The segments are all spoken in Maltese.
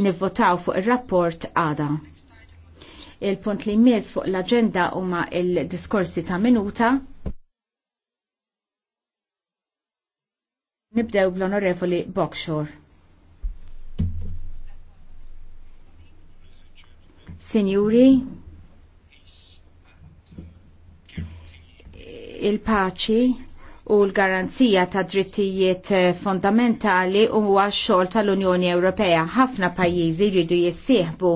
nivvotaw fuq il-rapport għada. Il-punt li mis fuq l-agenda huma il-diskorsi ta' minuta. Nibdew bl-onorevoli Bokxor. Signori, il-paċi u l-garanzija ta' drittijiet eh, fondamentali huwa xogħol tal-Unjoni Ewropea. Ħafna pajjiżi jridu jissieħbu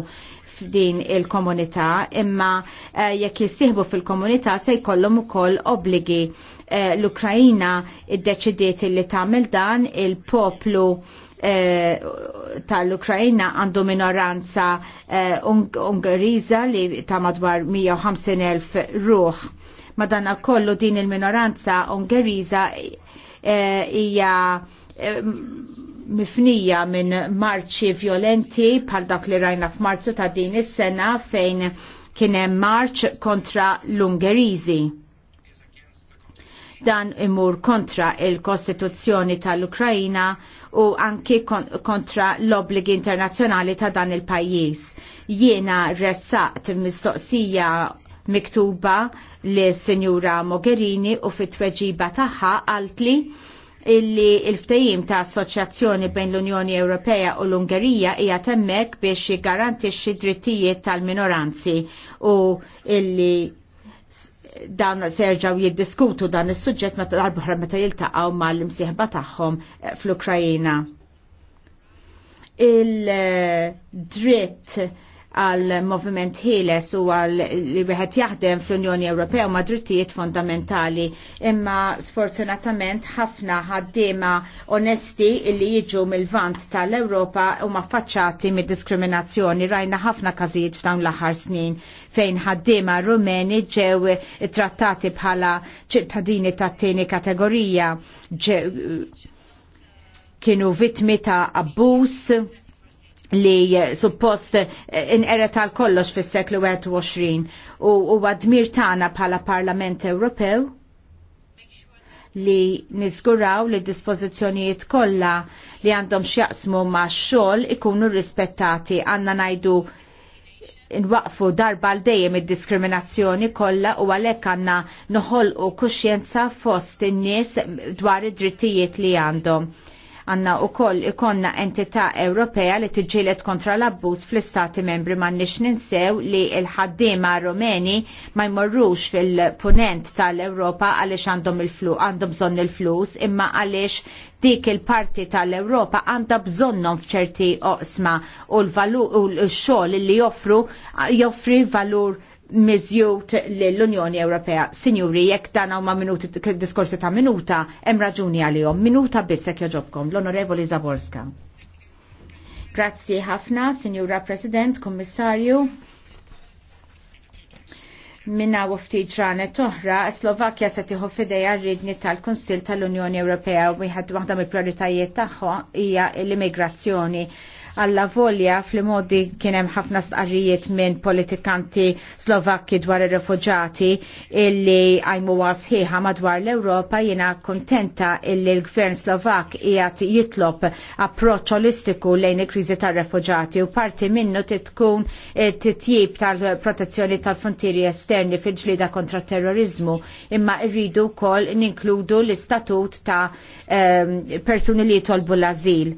f'din il-komunità, imma eh, jekk jissieħbu fil-komunità se jkollhom ukoll obbligi. Eh, L-Ukrajina iddeċidiet li tagħmel dan il-poplu tal-Ukrajina għandu minoranza ungariża li ta' madwar 150.000 ruħ Madana kollu din il-minoranza Ungeriża eh, hija eh, mifnija minn marċi violenti bħal dak li rajna f'Marzu ta' din is-sena fejn kien hemm marċ kontra l-Ungeriżi. Dan imur kontra il-Kostituzzjoni tal-Ukrajina u anki kontra l-obbligi internazzjonali ta' dan il-pajjiż. Jiena ressaqt mistoqsija miktuba li Senjura Mogherini u fit-tweġiba tagħha għalt li illi il-ftejim ta' assoċjazzjoni bejn l-Unjoni Ewropea u l-Ungerija hija temmek biex jiggarantixxi drittijiet tal-minoranzi u illi dawn serġaw jiddiskutu dan is-suġġett meta darba meta jiltaqgħu mal-imsieħba tagħhom fl-Ukrajina. Il-dritt għal moviment ħieles u għal li wieħed jaħdem fl-Unjoni Ewropea ma' drittijiet fondamentali. Imma sfortunatament ħafna ħaddiema onesti li jiġu mill-vant tal-Ewropa u ma' faċċati mid diskriminazzjoni rajna ħafna każijiet f'dawn l-aħħar snin fejn ħaddiema rumeni ġew trattati bħala ċittadini tat-tieni kategorija ġew kienu vittmi ta' abbuż li suppost eh, inqeret tal kollox fis-seklu 21 u huwa dmir tagħna bħala Parlament Ewropew li niżguraw li dispożizzjonijiet kollha li għandhom x'jaqsmu ma' xogħol ikunu rispettati għandna ngħidu nwaqfu darba l dejjem id-diskriminazzjoni kollha u għalhekk għandna noħolqu kuxjenza fost in-nies dwar id-drittijiet li għandhom Għanna u koll ikonna entita Ewropea li tġilet kontra l-abbuż fl-istati membri ma nix ninsew li il-ħaddiema Rumeni ma jmorrux fil-punent tal-Ewropa għaliex għandhom il-flu, għandhom bżonn il-flus, imma għaliex dik il-parti tal-Europa għandha bżonnom f'ċerti oqsma u l-xogħol li joffru joffri valur miżjut l-Unjoni Ewropea. Sinjuri, jekk dan huma minuti diskorsi ta' minuta, hemm raġuni għalihom. Minuta biss jekk joġobkom, l-Onorevoli Zaborska. Grazzi ħafna, Sinjura President, Kommissarju. Minna u ftit toħra, oħra, Slovakkja se tieħu fidejha rridni tal konsil tal-Unjoni Ewropea u wieħed waħda mill prioritajiet tagħha hija l-immigrazzjoni alla volja fl-modi kienem ħafna sqarrijiet minn politikanti slovakki dwar ir refugġati illi għajmu sħiħa madwar l-Ewropa jiena kontenta illi l-gvern slovak jgħat jitlob approċċ holistiku lejn il-kriżi tar refugġati u parti minnu titkun titjib tal-protezzjoni tal-frontieri esterni fil-ġlida kontra terrorizmu imma irridu wkoll ninkludu l-istatut ta' persuni li jitolbu l-azil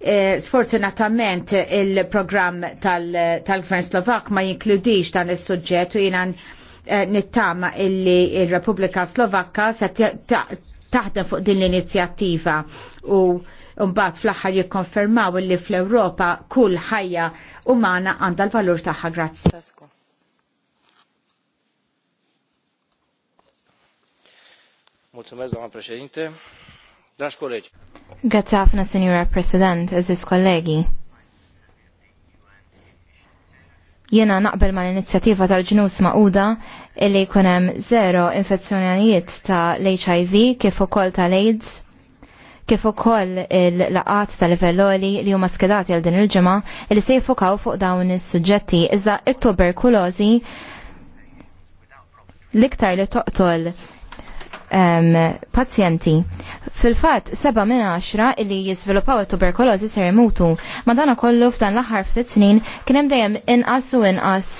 Eh, sfortunatament il-programm tal-Gvern Slovak ma jinkludix dan is-suġġett u jiena eh, nittama illi il-Repubblika Slovakka se taħdem fuq din l-inizjattiva u mbagħad fl-aħħar jikkonfermaw illi fl-Ewropa kull ħajja umana għandha l-valur tagħha grazzi. Mulțumesc, doamna președinte. Drax kolleġi. Grazie ħafna, Signora President, eżis kollegi. Jena naqbel ma l-inizjativa tal-ġnus ma'uda illi kunem zero infezzjonijiet ta' l-HIV kif ukoll ta' l-AIDS kif ukoll il-laqat tal-livelloli li huma skedati għal din il-ġimgħa li se jfokaw fuq dawn is-suġġetti iżda t tuberkulożi l-iktar li toqtol pazjenti Fil-fatt, seba minn 10 illi jiżviluppaw it-tuberkulożi ser imutu. Madana kollu f'dan l-aħħar ftit snin kien hemm dejjem inqas u inqas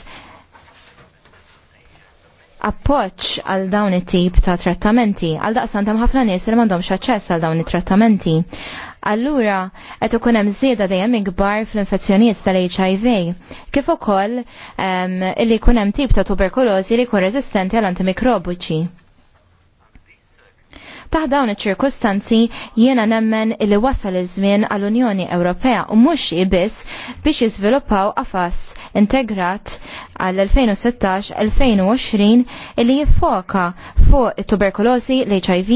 appoġġ għal dawn it-tip ta' trattamenti. Għal daqsan tam ħafna nies li m'għandhomx aċċess għal dawn it-trattamenti. Allura, qed ikun hemm żieda dejjem ikbar fl-infezzjonijiet tal-HIV, kif ukoll um, illi jkun hemm tip ta' tuberkulożi li jkun reżistenti għal antimikrobiċi. Taħt dawn iċ-ċirkustanzi jiena nemmen li wasal iż-żmien għall-Unjoni Ewropea u mhux biss biex jiżviluppaw qafas integrat għall-2016-2020 illi jiffoka fuq it-tuberkulożi, l-HIV,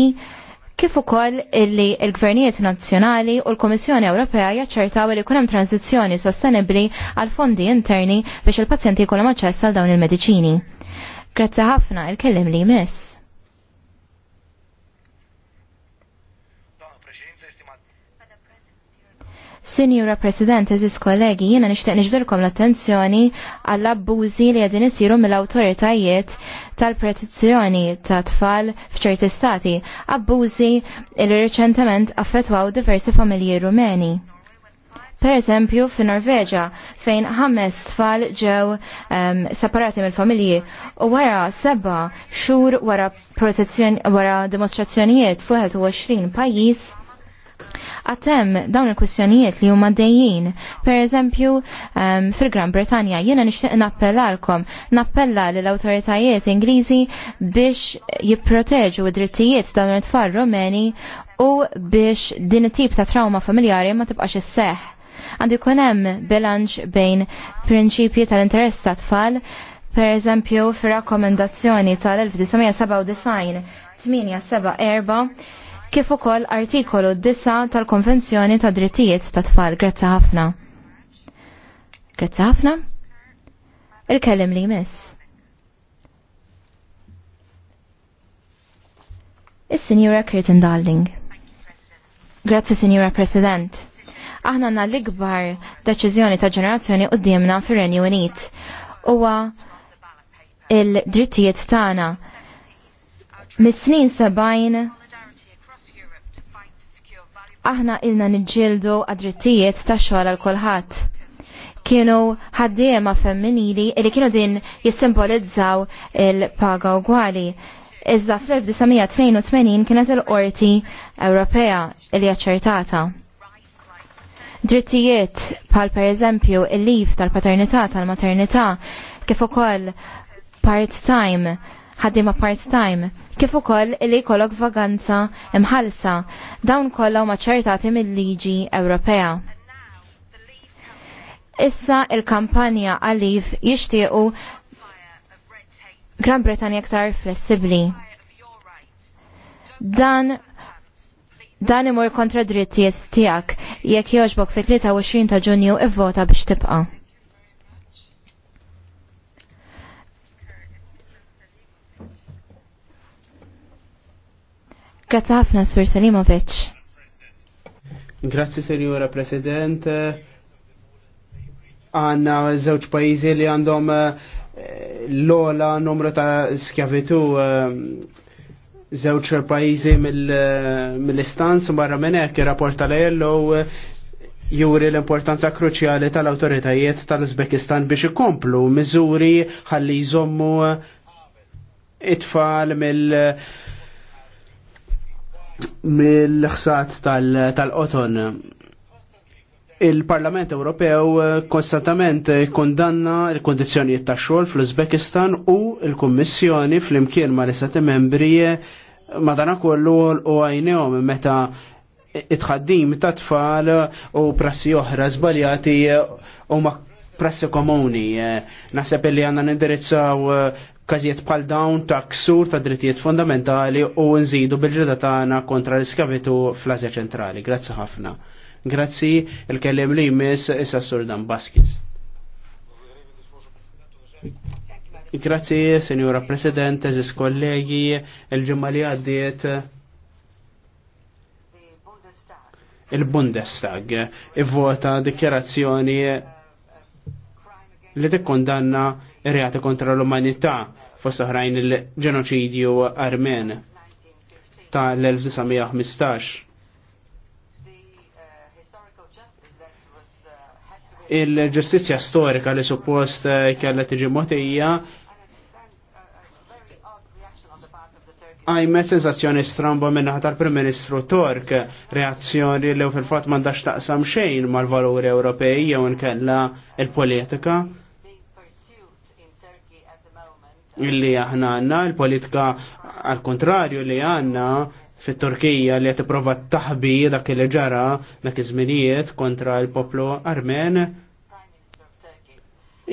kif ukoll li l-gvernijiet nazzjonali u l-Komissjoni Ewropea jaċċertaw li jkun hemm tranzizzjoni sostenibbli għal fondi interni biex il-pazjenti jkollhom aċċess għal dawn il-mediċini. Grazzi ħafna il-kellim li jmiss. Sinjura President, eżis kollegi, jiena nixtieq nixbdilkom l-attenzjoni għall-abbużi li għadin isiru mill-awtoritajiet tal-protezzjoni ta' tfal f'ċerti stati, abbużi li riċentement affetwaw diversi familji rumeni. Per eżempju, fi Norveġa, fejn ħames tfal ġew um, separati mill-familji u wara seba xhur wara protezzjoni wara dimostrazzjonijiet fuq 21 pajjiż Għatem dawn il-kwistjonijiet li huma dejjin, per eżempju um, fil-Gran Bretanja, jiena nixtieq nappellalkom, nappella l awtoritajiet Ingliżi biex jipproteġu id-drittijiet dawn it-tfal Rumeni u biex din it-tip ta' trauma familjari ma tibqax is-seħ. Għandu kunem hemm bilanċ bejn prinċipji tal-interess ta' tfal, per eżempju fir-rakkomendazzjoni tal-1997 874 kif ukoll artikolu 9 tal-Konvenzjoni ta' Drittijiet ta' Tfal. Grazzi ħafna. Grazzi ħafna. Il-kellim li jmiss. Is-Sinjura Kirtin Darling. Grazzi Sinjura President. Aħna għanna l-ikbar deċiżjoni ta' ġenerazzjoni qudiemna fir-Renju Unit. Huwa il-drittijiet tagħna. Mis-snin sabajn aħna ilna nġildu għadrittijiet ta' xogħol għal kulħadd. Kienu ħaddiema femminili li kienu din jissimbolizzaw il-paga ugwali. Iżda fl-1982 kienet il-qorti Ewropea li aċċertata. Drittijiet bħal per eżempju il-lif tal-paternità tal-maternità kif ukoll part-time ħaddiema part-time, kif ukoll li jkollok vaganza imħalsa, dawn kollha ma ċertati mill-liġi Ewropea. Issa il-kampanja għalif jixtiequ Gran Bretanja aktar flessibbli. Dan dan imur kontra drittijiet tiegħek jekk jogħġbok fit-23 ta' Ġunju ivvota biex tibqa'. Grazie ħafna Sur Salimovic. Grazzi Signora President. Għanna żewġ pajjiżi li għandhom eh, l-ola numru ta' skjavitu eh, żewġ pajjiżi eh, mill-istanz barra minn hekk ir-rapport tal-ELO juri l-importanza kruċjali tal-autoritajiet tal-Uzbekistan biex ikomplu miżuri ħalli jżommu it-tfal mill- mill-ħsat tal-qoton. Il-Parlament Ewropew eh, konstantament kondanna il-kondizjonijiet ta' xogħol fl-Uzbekistan u l-Kummissjoni fl-imkien ma' l-istati membri eh, madanakollu kollu u għajnejhom meta itħaddim ta' tfal u prassi oħra żbaljati eh, u ma' Pressa komuni. Eh, naħseb li għanna nindirizzaw eh, kazijiet bħal dawn ta' ksur ta' drittijiet fundamentali u nżidu bil-ġeda tagħna kontra l-iskavitu fl-Asja ċentrali. Grazzi ħafna. Grazzi il-kellim li jmiss issa Sur Dan Baskis. Grazzi, Senjora President, eżis kollegi, il-ġimma li għaddiet il-Bundestag ivvota dikjerazzjoni li tikkondanna reati kontra l-umanità fost oħrajn il-ġenoċidju armen ta' l-1915. Il-ġustizja storika li suppost eh, kella tiġi motija għajmet sensazzjoni stramba minna tal-Prim Ministru Tork, reazzjoni li fil-fat mandax taqsam xejn mal-valuri Ewropej jew nkella il-politika illi aħna għanna l-politika għal kontrarju li għanna fit-Turkija li għet prova taħbi dak li ġara dak iż-żminijiet kontra l-poplu Armen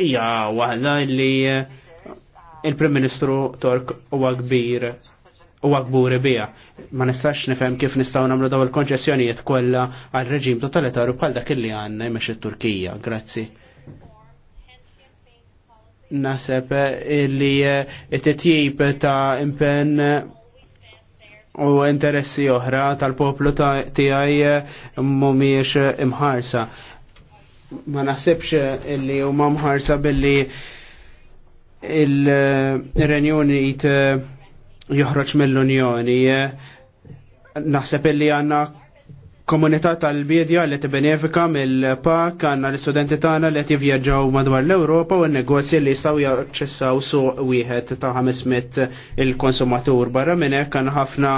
hija waħda li eh, il-Prim Ministru Tork huwa kbir u gburi bija. Ma nistax nifhem kif nistgħu nagħmlu daw il-konċessjonijiet kollha għal reġim totalitarju bħal dak illi għandna jmex it-Turkija. Grazzi. Naseb eh, li eh, t-tjib ta' impenn eh, u interessi oħra tal-poplu tiegħi mhumiex imħarsa. Ma naħsebx illi huma mħarsa billi il-Renjoni joħroġ mill-Unjoni. Naħseb illi għanna komunità tal-bidja li t-benefika mill-pak għanna l-studenti tagħna li jivvjaġġaw madwar l-Ewropa u n-negozji li jistgħu jaċċessaw suq wieħed ta' 500 il-konsumatur. Barra minn hekk għandna ħafna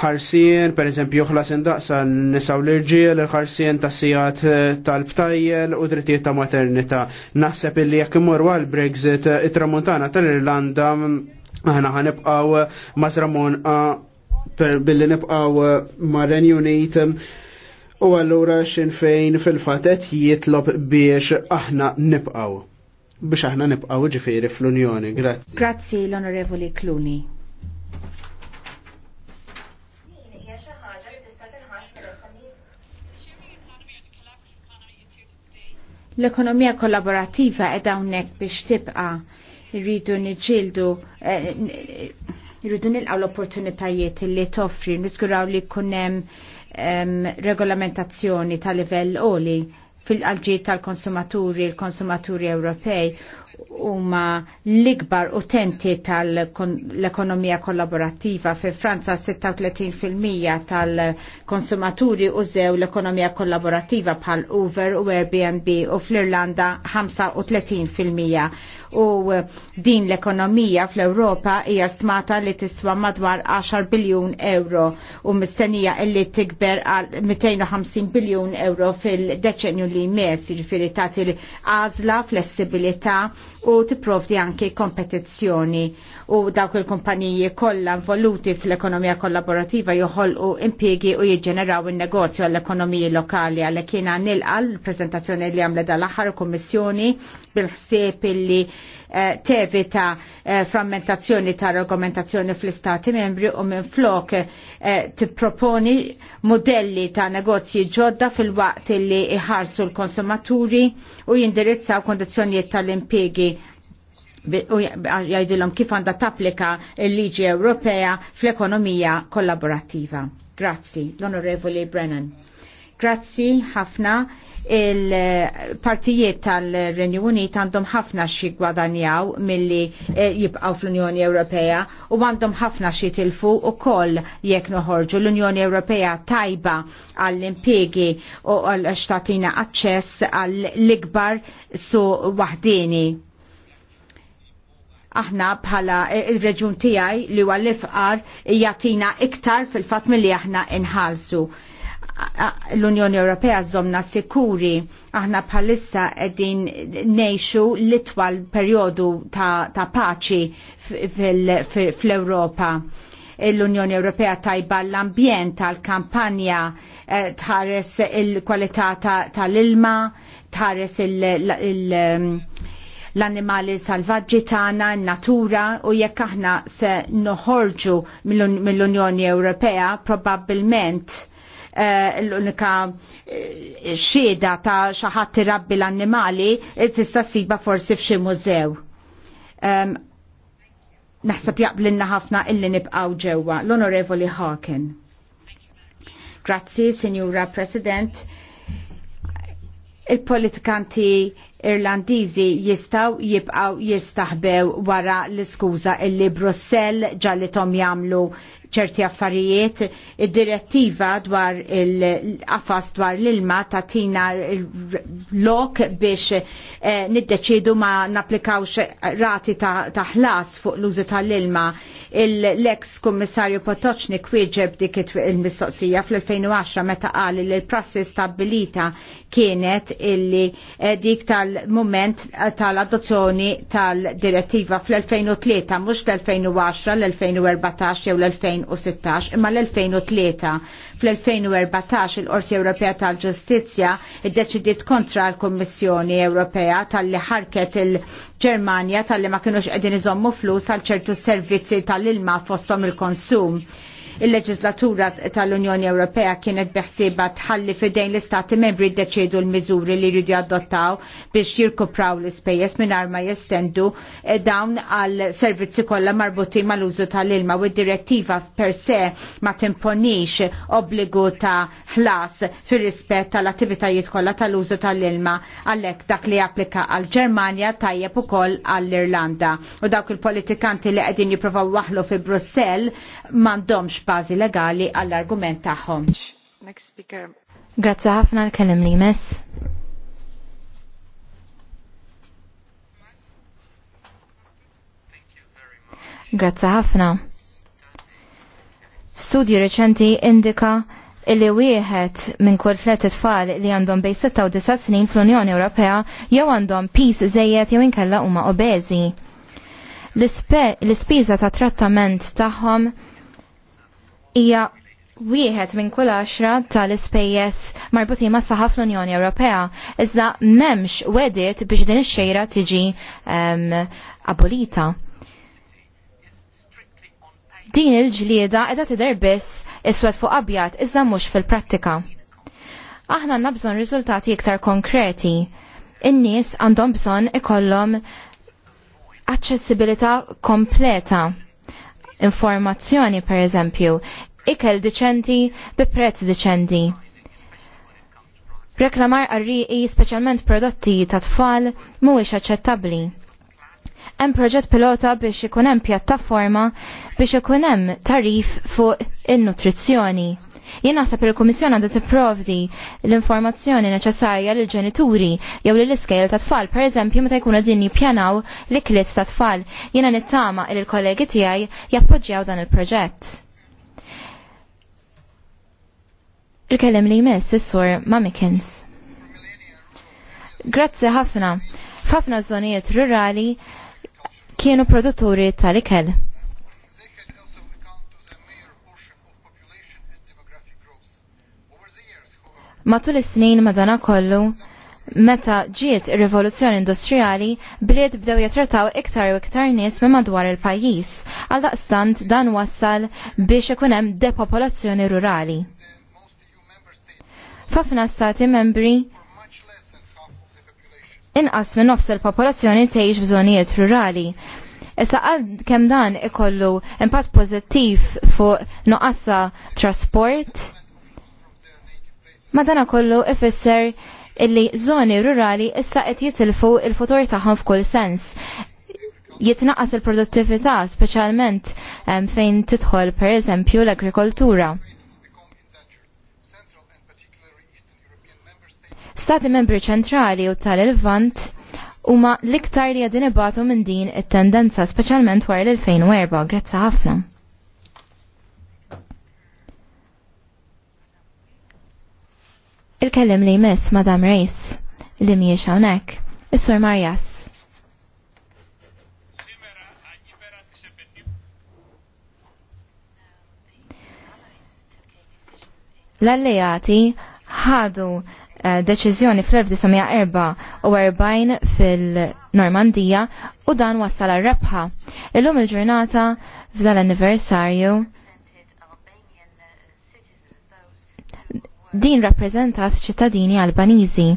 ħarsien, per eżempju, joħlas indaqsa nisaw l-irġiel, ħarsien ta' sijat tal-btajjel u drittijiet ta' maternita. Naħseb illi jekk imur għal-Brexit, it-tramuntana tal-Irlanda, aħna ħanibqaw mażramon per billi nibqaw eh, marren unit eh, u għallura xin fejn fil-fatet jitlob biex aħna nibqaw biex aħna nibqaw ġifiri fl-Unjoni. Grazzi. l-Onorevoli Kluni. L-ekonomija kollaborativa edha unnek biex tibqa rridu nġildu eh, Irridu nilqaw l-opportunitajiet li toffri, niskuraw li kunem regolamentazzjoni tal livell oli fil-qalġiet tal-konsumaturi, l-konsumaturi Ewropej huma l-ikbar utenti tal-ekonomija kollaborattiva fi Franza 36% tal-konsumaturi użew l-ekonomija kollaborattiva bħal Uber u Airbnb u fl-Irlanda 35% u din l-ekonomija fl-Europa hija stmata li tiswa madwar 10 biljun euro u mistennija li tikber għal 250 biljun euro fil-deċenju li jmiss, jiġifieri tagħti għażla flessibilità u tipprovdi anke kompetizzjoni u dawk il-kumpaniji kollha involuti fl-ekonomija kollaborativa joħolqu impjiegi u jiġġeneraw in-negozju għall-ekonomiji lokali għalhekk jiena nilqa l-preżentazzjoni li għamlet dal-aħħar kummissjoni bil-ħsieb illi Eh, tevita eh, frammentazzjoni ta' argumentazzjoni fl-istati membri u minn flok eh, tipproponi modelli ta' negozji ġodda fil-waqt li iħarsu l-konsumaturi u jindirizzaw kondizjonijiet tal-impiegi u jgħidilhom kif għandha tapplika l-liġi Ewropea fl-ekonomija kollaborattiva. Grazzi, l-Onorevoli Brennan. Grazzi ħafna il-partijiet tal-Renju Unit għandhom ħafna xi gwadanjaw milli eh, jibqaw fl-Unjoni Ewropea u għandhom ħafna xi tilfu u koll jekk noħorġu l-Unjoni Ewropea tajba għall-impiegi u għall-xtatina aċċess għall-ikbar su waħdini. Aħna bħala eh, il-reġun tijaj li għall-ifqar jatina iktar fil-fat milli aħna inħalsu l-Unjoni Ewropea żomna sikuri aħna bħalissa qegħdin ngħixu l-itwal perjodu ta', ta paċi fl-Ewropa. L-Unjoni Ewropea tajba l-ambjent tal-kampanja eh, tħares il-kwalità tal-ilma, tħares mm, l-annimali salvaġġi tagħna, natura u jekk aħna se noħorġu mill-Unjoni Ewropea probabbilment Eh, l-unika eh, xieda ta' xi ħadd irabbi l-annimali eh, tista' ssiba forsi f'xi mużew. Naħseb jaqblinna ħafna illi nibqgħu ġewwa l-Onorevoli Hawken. Grazzi, Signora President il-politikanti Irlandiżi jistaw jibqaw jistaħbew wara l-iskuża illi Brussell ġalli tom jamlu ċerti affarijiet id-direttiva dwar il-qafas dwar l-ilma tatina lok biex eh, niddeċidu ma naplikawx rati ta' ħlas fuq l-użu tal-ilma l-ex kummissarju Potoċnik wieġeb dik il-mistoqsija fl-2010 meta qal li l-prassi stabilita kienet illi eh, dik tal-moment eh, tal-adozzjoni tal-direttiva fl-2003 mhux l-2010 l-2014 jew l-2016 imma l-2003 fl-2014 il-Qorti Ewropea tal-Ġustizzja deċidiet kontra l-Kummissjoni Ewropea tal-li ħarket il-Ġermanja tal-li ma kienux qegħdin iżommu flus għal ċertu servizzi tal l-ilma fostom il-konsum. Il-leġislatura tal-Unjoni Ewropea kienet beħsiba tħalli fidejn l-istati membri deċedu l-miżuri li jridu adottaw biex jirkupraw l-ispejjeż mingħajr ma jestendu eh, dawn għal servizzi kollha marbuti mal-użu tal-ilma u d-direttiva per se ma timponix obbligu ta' ħlas fir-rispett tal-attivitajiet kollha tal-użu tal-ilma għalhekk dak li applika għal Ġermanja tajjeb ukoll għall-Irlanda. U dawk il-politikanti li qegħdin jipprovaw waħlu fi Brussell m'għandhomx bażi legali għall-argument tagħhom. Grazzi ħafna l-kellim li mess. Grazzi ħafna. Studju reċenti indika illi wieħed minn kull tliet tfal li għandhom bej 6 u 9 snin fl-Unjoni Ewropea jew għandhom pis żejjed jew inkella huma obeżi. L-ispiża ta' trattament tagħhom hija wieħed minn kull għaxra tal-ispejjeż marbutin ma' saħaf l-Unjoni Ewropea. Iżda m'hemmx wedit biex din ix-xejra tiġi um, abolita. Din il-ġlieda qiegħda tidher biss iswed fuq abjad iżda mhux fil-prattika. Aħna għandna bżonn riżultati iktar konkreti. In-nies għandhom bżonn ikollhom aċċessibilità kompleta informazzjoni per eżempju, ikel diċenti bi prezz deċenti. Reklamar għarriqi speċjalment prodotti ta' tfal mhuwiex aċċettabbli. Hemm proġett pilota biex ikun hemm pjattaforma biex ikun hemm tarif fuq in-nutrizzjoni. Jien naħseb il-Kummissjoni għandha tipprovdi l-informazzjoni neċessarja lil ġenituri jew lil iskejl ta' tfal, pereżempju meta jkunu din jippjanaw l-ikliet ta' tfal. Jiena nittama il kollegi tiegħi jappoġġjaw dan il-proġett. Il-kellem li jmess, is-sur Mamikins. Grazzi ħafna. F'ħafna zonijiet rurali kienu produtturi tal-ikel. Matul is-snin madana kollu, meta ġiet ir-rivoluzzjoni industrijali, bliet bdew jatrataw iktar u iktar nies minn madwar il-pajjiż. Għaldaqstant dan wassal biex ikun hemm depopolazzjoni rurali. F'ħafna stati membri inqas minn nofs il-popolazzjoni tgħix f'żonijiet rurali. Issa għal kemm dan ikollu impatt pożittiv fuq noqassa trasport, ma dana kollu ifisser illi żoni rurali issa qed jitilfu il-futur tagħhom f'kull sens. Jitnaqas il-produttività, speċjalment fejn tidħol pereżempju l-agrikoltura. stati membri ċentrali u tal-Levant huma l-iktar li għadin ibatu minn din it-tendenza speċjalment wara l-2004. Grazza ħafna. Il-kellem li jmiss Madam Reis li mhijiex hawnhekk, is-Sur Marjas. l allejati ħadu Eh, deċiżjoni fl-1944 fil-Normandija u dan wassal rebħa. Illum il-ġurnata f'dan l-anniversarju din s ċittadini Albaniżi.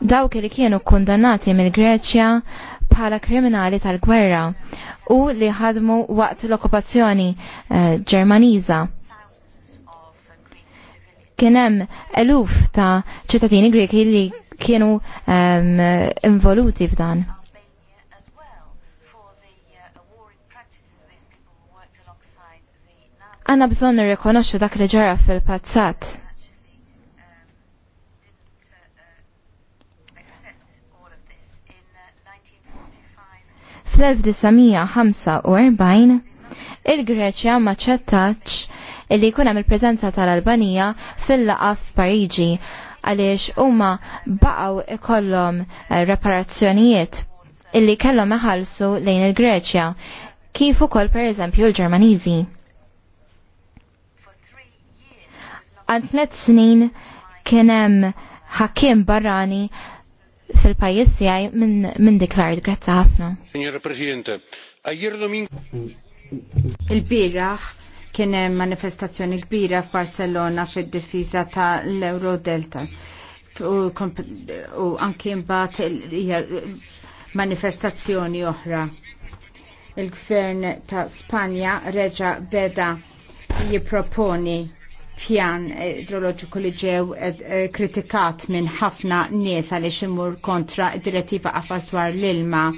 Dawk li kienu kondannati mill-Greċja bħala kriminali tal-gwerra u li ħadmu waqt l-okkupazzjoni eh, Ġermaniża. Uh, kienem eluf ta' ċittadini Greki li kienu um, involuti f'dan. Għanna bżon nirrikonoxxu dak li ġara fil-pazzat. Fl-1945 il-Greċja ma ċettaċ illi jkun hemm il-preżenza tal-Albanija fil-laqa f'Pariġi għaliex huma baqgħu ikollhom eh, reparazzjonijiet illi kellhom iħallsu lejn il-Greċja kif ukoll pereżempju l-Ġermaniżi. Għal tliet snin kien hemm ħakim barrani fil pajjiż tiegħi minn min diklar grazzi ħafna. il bieraħ Kien hemm manifestazzjoni kbira f'Barcelona fid-difiża tal-Euro Delta u, u anki mbagħad manifestazzjoni oħra. Il-gvern ta' Spanja reġa beda jipproponi pjan idroloġiku li ġew eh, kritikat minn ħafna nies għaliex imur kontra id-direttiva qafas dwar l-ilma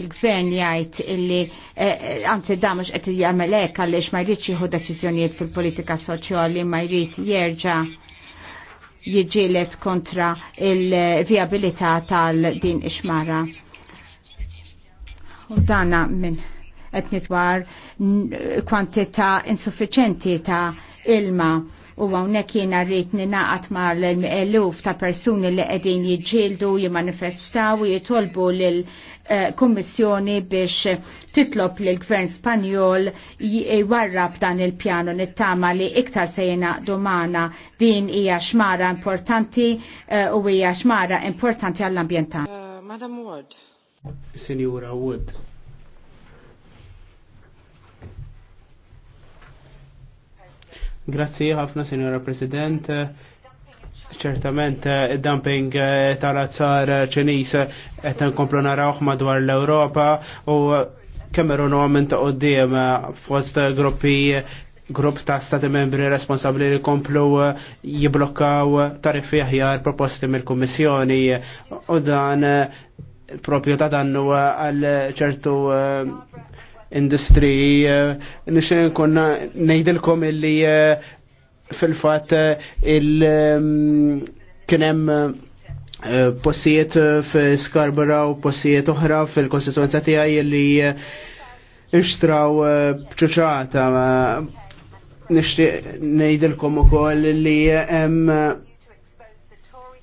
il-gvern jgħid illi eh, eh, anzi da mhux qed jagħmel hekk għaliex ma jridx jieħu deċiżjonijiet fil-politika soċjali ma jrid jerġa' jiġielet kontra il viabilita tal-din ixmara. U dana minn qed nitwar kwantità insuffiċenti ta' ilma u hawnhekk jiena rrid ninaqat mal eluf ta' persuni li qegħdin jiġġieldu jimmanifestaw u jitolbu lil kommissjoni biex titlob li l-gvern Spanjol jwarrab e, dan il-pjano nittama li iktar sejna domana din hija xmara importanti e, u hija xmara importanti għall-ambjenta. Uh, Madam Wood. Senjura Wood. Grazie ħafna, Senjora President ċertament id-dumping eh, eh, tal-azzar eh, ċinis qed nkomplu narawh madwar l-Ewropa u Cameron għamen ta' qudiem fost gruppi grupp ta' stati membri responsabli li komplu jiblokkaw tariffi aħjar proposti mill-Kummissjoni u dan propju ta' dannu għal ċertu industriji nixen konna nejdilkom illi fil-fat eh, il- mm, kienem eh, possijiet eh, fil-Skarbara scarborough possijiet oħra fil-konsistenza tijaj li nxtraw bċuċata. Nishtiq nejdilkom u koll li jem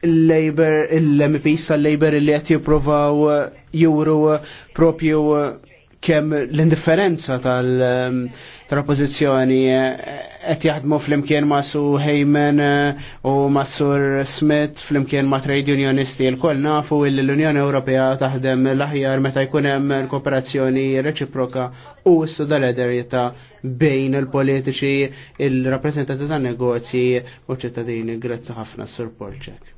il-Labor, il-MPs tal-Labor li għet jiprovaw juru propju kemm l-indifferenza um, tal-oppozizjoni eh, qed jaħdmu flimkien ma' Su Heyman eh, u ma' Sur Smith flimkien ma' trade unionisti l-koll nafu li l-Unjoni Ewropea taħdem l-aħjar meta jkun hemm kooperazzjoni reċiproka u s-solidarjetà bejn il-politiċi il-rappreżentanti tan negozji u ċittadini. Grazzi ħafna Sur Polċek.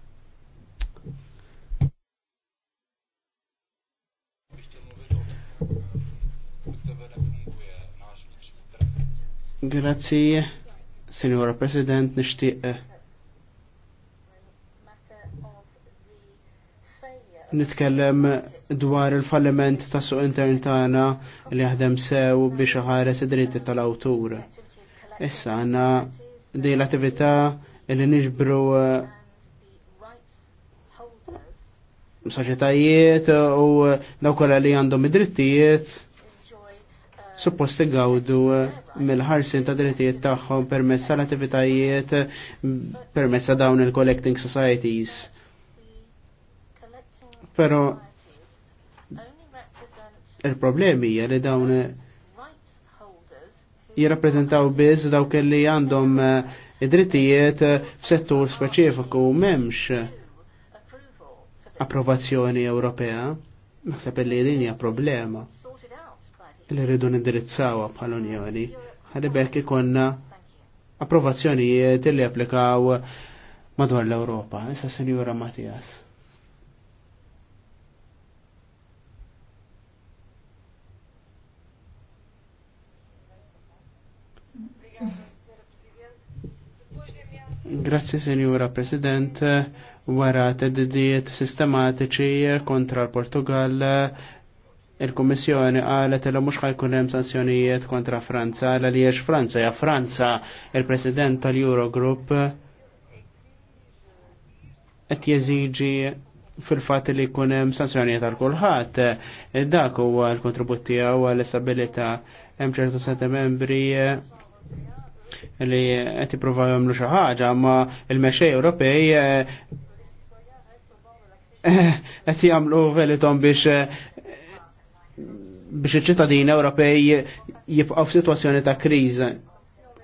Grazzi, Signora President, nishtiq eh, nitkellem dwar il-falliment ta' suq intern tagħna li jaħdem sew biex ħares id-dritti tal-awtur. Issa għandna din l-attività li niġbru eh, soċjetajiet u dawk kollha li għandhom id-drittijiet suppost gawdu eh, mill-ħarsin ta' drittijiet tagħhom permezz tal-attivitajiet permezz ta' dawn il-collecting societies. Però il-problemi hija li dawn eh, jirrappreżentaw biss dawk li għandhom eh, id-drittijiet f'settur speċifiku m'hemmx approvazzjoni Ewropea. Naħseb li din hija problema li rridu nindirizzawa bħal-Unjoni. Għalibek ikonna approvazzjonijiet li applikaw madwar l-Europa. Issa Senjura Mattias. Grazzi, Signora President. Wara teddidiet sistematiċi kontra l-Portugal il-Kommissjoni għalet l mhux ħajkun hemm sanzjonijiet kontra Franza l għaliex Franza ja Franza il-President tal-Eurogroup qed jeżiġi fil-fatt li jkun hemm sanzjonijiet għal kulħadd. Dak huwa l-kontribut tiegħu għall-istabilità hemm ċertu seta membri li qed jippruvaw jagħmlu xi ħaġa, ma il-mexxej Ewropej eh, eh, qed jagħmlu velitom biex eh, biex iċ-ċittadini Ewropej jibqgħu f'sitwazzjoni ta' kriżi.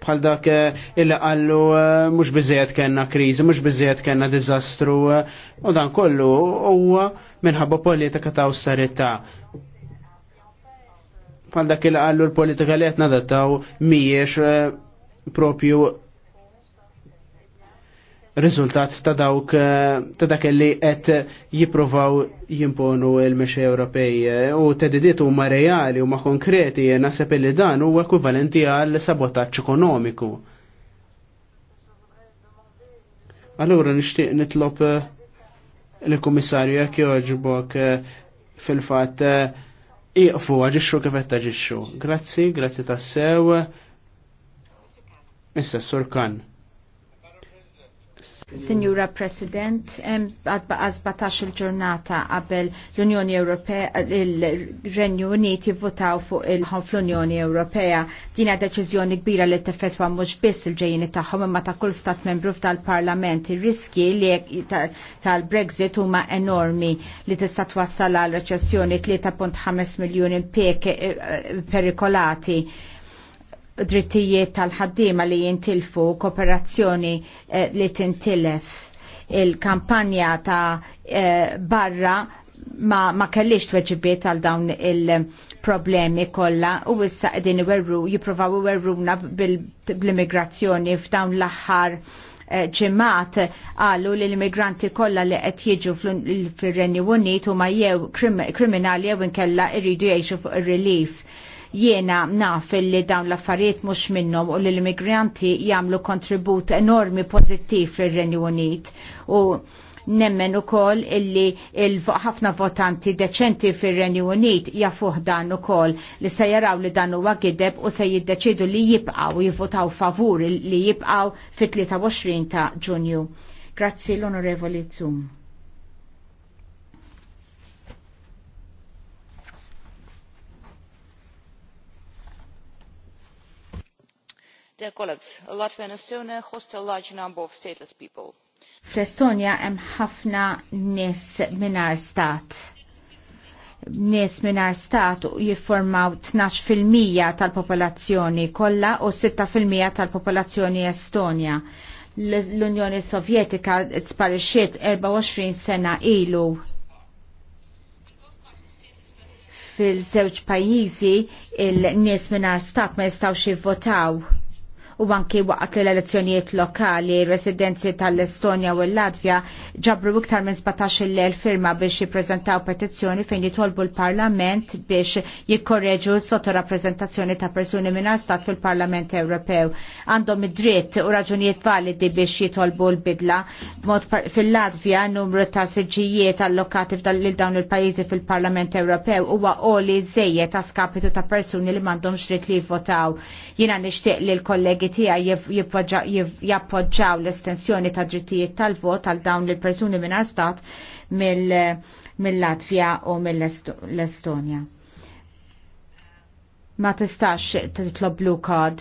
Bħal dak eh, illi qallu eh, mhux biżejjed kellna kriżi, mhux biżejjed kellna diżastru eh, u dan kollu huwa minħabba politika ta' awsterità. Bħal dak illi qallu l-politika li qed nadattaw mhijiex propju riżultat ta' dawk eh, ta' dak li qed jippruvaw jimponu il-mexxej Ewropej eh, u tedidiet huma reali huma konkreti eh, naħseb li dan huwa ekwivalenti għal sabotaġġ ekonomiku. Allura nixtieq nitlob l-Kummissarju jekk joġbok fil-fatt iqfu għaġixxu kif qed taġixxu. Grazzi, grazzi tassew. Issa Sur Kan. Signora President, għaz batax il-ġurnata qabel l-Unjoni Ewropea, il-Renju Uniti votaw fuq il-ħon fl-Unjoni Ewropea. Dina deċiżjoni kbira li teffetwa mhux biss il-ġejjini tagħhom imma ta' kull stat membru f'tal-Parlament. Ir-riski li tal-Brexit huma enormi li tista' twassal l reċessjoni 3.5 miljoni pek perikolati drittijiet tal-ħaddiema li jintilfu kooperazzjoni eh, li tintilef il-kampanja ta' eh, barra ma, ma kellix tweġibiet għal dawn il-problemi kollha u issa qegħdin iwerru jippruvaw iwerruna bl-immigrazzjoni f'dawn l-aħħar eh, ġimmat għallu li l-immigranti kollha li qed jiġu fir renju Unit huma jew kriminali jew inkella jridu jgħixu fuq ir-relief Jiena naf li dawn l-affarijiet mhux minnhom u l-immigranti jagħmlu kontribut enormi pożittiv fir-Renju Unit u nemmen ukoll illi ħafna votanti deċenti fir-Renju Unit jafuh dan ukoll li se jaraw li dan huwa gideb u se jiddeċidu li jibqgħu jivvotaw favur li jibqgħu fit-23 ta' Ġunju. Grazzi l-Onorevoli Zum. Dear colleagues, Latvia and Estonia host a large number of stateless people. Fl-Estonja hemm ħafna nies mingħajr stat nies minar stat jiformaw 12% tal-popolazzjoni kollha u 6% tal-popolazzjoni Estonja. L-Unjoni Sovjetika sparixxiet 24 sena ilu fil-żewġ pajjiżi il-nies minar stat ma jistgħux jivvotaw u anki waqt l-elezzjonijiet lokali residenzi tal-Estonja u l-Latvja ġabru iktar minn 17.000 firma biex jippreżentaw petizzjoni fejn jitolbu l-Parlament biex jikkorreġu sottorappreżentazzjoni ta' persuni mingħajr stat fil-Parlament Ewropew. Għandhom id-dritt u raġunijiet validi biex jitolbu l-bidla. Fil-Latvja numru ta' siġijiet allokati f'dal dawn il-pajjiżi fil-Parlament Ewropew huwa qoli żejjed ta' skapitu ta' persuni li m'għandhomx dritt li jivvotaw. Jiena nixtieq lil kollegi kollegi tija jappoġġaw l-estensjoni ta' drittijiet tal-vot għal dawn il persuni minn stat mill-Latvja u mill-Estonja. Ma tistax titlob blue card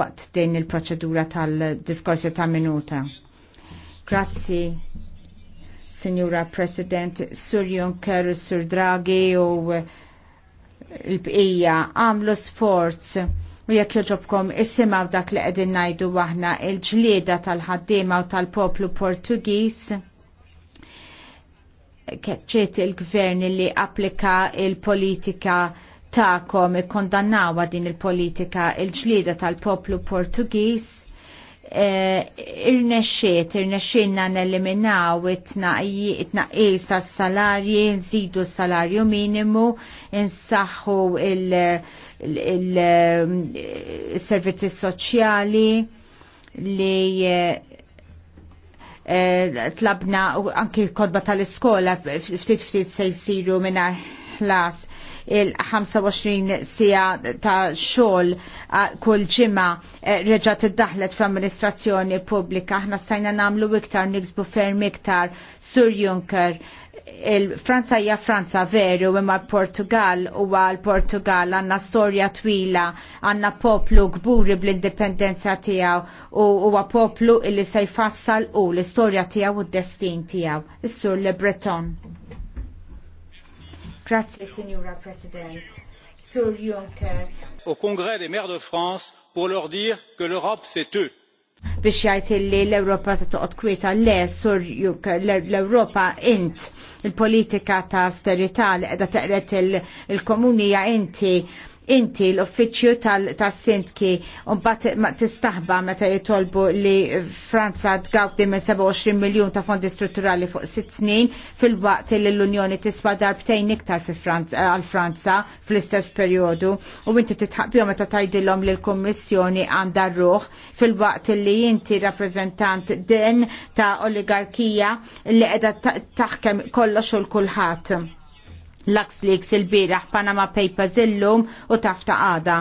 waqt din il-proċedura tal-diskorsi ta' minuta. Grazzi, Signora President, Sur Juncker, Sur Draghi u l-bqija għamlu sforz u jekk joġobkom issimaw dak li qegħdin ngħidu aħna il-ġlieda tal-ħaddiema u tal-poplu Portugiż keċċiet il-gvern li applika il-politika ta'kom ikkondannawa din il-politika il-ġlieda tal-poplu Portugiż Eh, irnexxiet, irnexxielna neliminaw it-tnaqqis tas-salarji, nżidu s-salarju minimu, insaħħu il-servizzi soċjali li eh, eh, tlabna anki l-kodba tal-iskola ftit ftit se jsiru mingħajr ħlas il-25 sija ta' xogħol kull ġimma eh, reġa' tiddaħlet fl-amministrazzjoni pubblika. Aħna stajna nagħmlu iktar niksbu ferm iktar Sur Juncker il-Franza hija Franza veru imma l-Portugal huwa l-Portugal għandna storja twila, għandna poplu kburi bl-indipendenza tiegħu u huwa poplu illi se jfassal u l-istorja tiegħu u d-destin tiegħu. Is-Sur Le Breton. Grazie, Signora President. Sur Juncker. Au Congrès des maires de France pour leur dire que l'Europe, c'est eux biex jajt li l europa se toqgħod kwieta le sur l-Ewropa int il-politika ta' sterita li qiegħda teqret il-komunija inti inti l-uffiċju tal-sintki unbat tistaħba meta jitolbu li Franza tgawdi minn 27 miljon ta' fondi strutturali fuq 6 snin fil-waqt li l-Unjoni tiswa darbtejn iktar eh, għal-Franza fl-istess periodu u inti titħabjom meta tajdilhom li l-Kommissjoni għandha ruħ fil-waqt li inti rappresentant den ta' oligarkija li qiegħda taħkem kollox u l-kulħadd LuxLeaks il-biraħ Panama Papers illum u tafta għada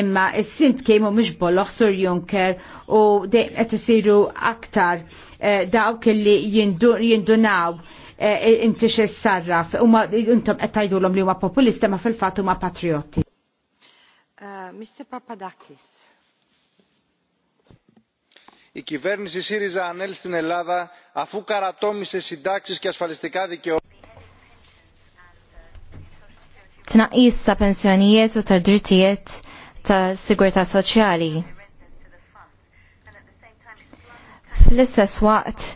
imma s-sint kiemu mux bolloħ sur Juncker u qed isiru aktar eh, dawk li jindunaw eh, inti xe sarraf u ma intom qed tajdulhom li huma populisti ma fil-fatt huma patrioti. Eh, Mr. Papadakis. Η κυβέρνηση ΣΥΡΙΖΑ ανέλθει στην Ελλάδα αφού καρατόμησε συντάξεις και ασφαλιστικά δικαιώματα. tnaqqis ta' pensjonijiet u ta' drittijiet ta' sigurtà soċjali. Fl-istess waqt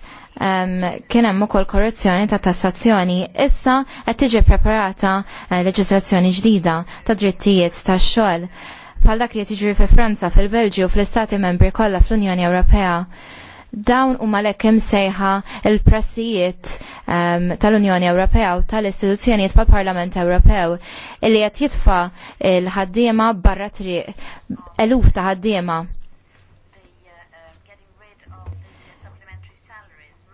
um, kien hemm ukoll korruzzjoni ta' tassazzjoni. Issa qed tiġi preparata uh, leġislazzjoni ġdida ta' drittijiet tax-xogħol bħal dak li tiġri fi Franza, fil-Belġju, fl-Istati membri kollha fl-Unjoni Ewropea dawn u malek sejħa il-prassijiet um, ehm, tal-Unjoni Ewropea u tal-istituzzjonijiet pal parlament Ewropew illi qed jitfa il-ħaddiema barra triq eluf ta' ħaddiema.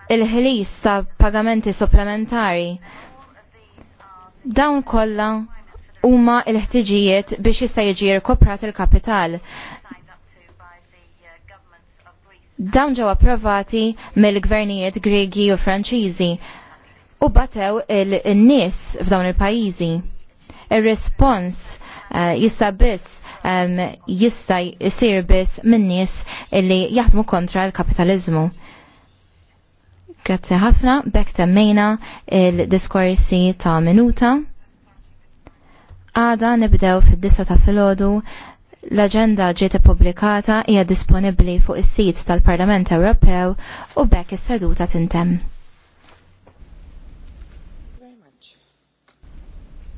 il-ħlis ta' pagamenti supplementari. Dawn kollha huma l-ħtiġijiet biex jista' jiġi rkoprat il-kapital Dawn ġew approvati mill-gvernijiet Gregi u Franċiżi u batew il-nies f'dawn il-pajjiżi. Ir-respons eh, jista' biss jista' jsir biss min-nies li jaħdmu kontra l-kapitaliżmu. Grazzi ħafna, bekk temmejna il-diskorsi ta' minuta. Għada nibdew fid-disa ta' filgħodu L-agenda ġiet ippubblikata hija disponibbli fuq is-sit tal-Parlament Ewropew u bekk is-seduta tintemm.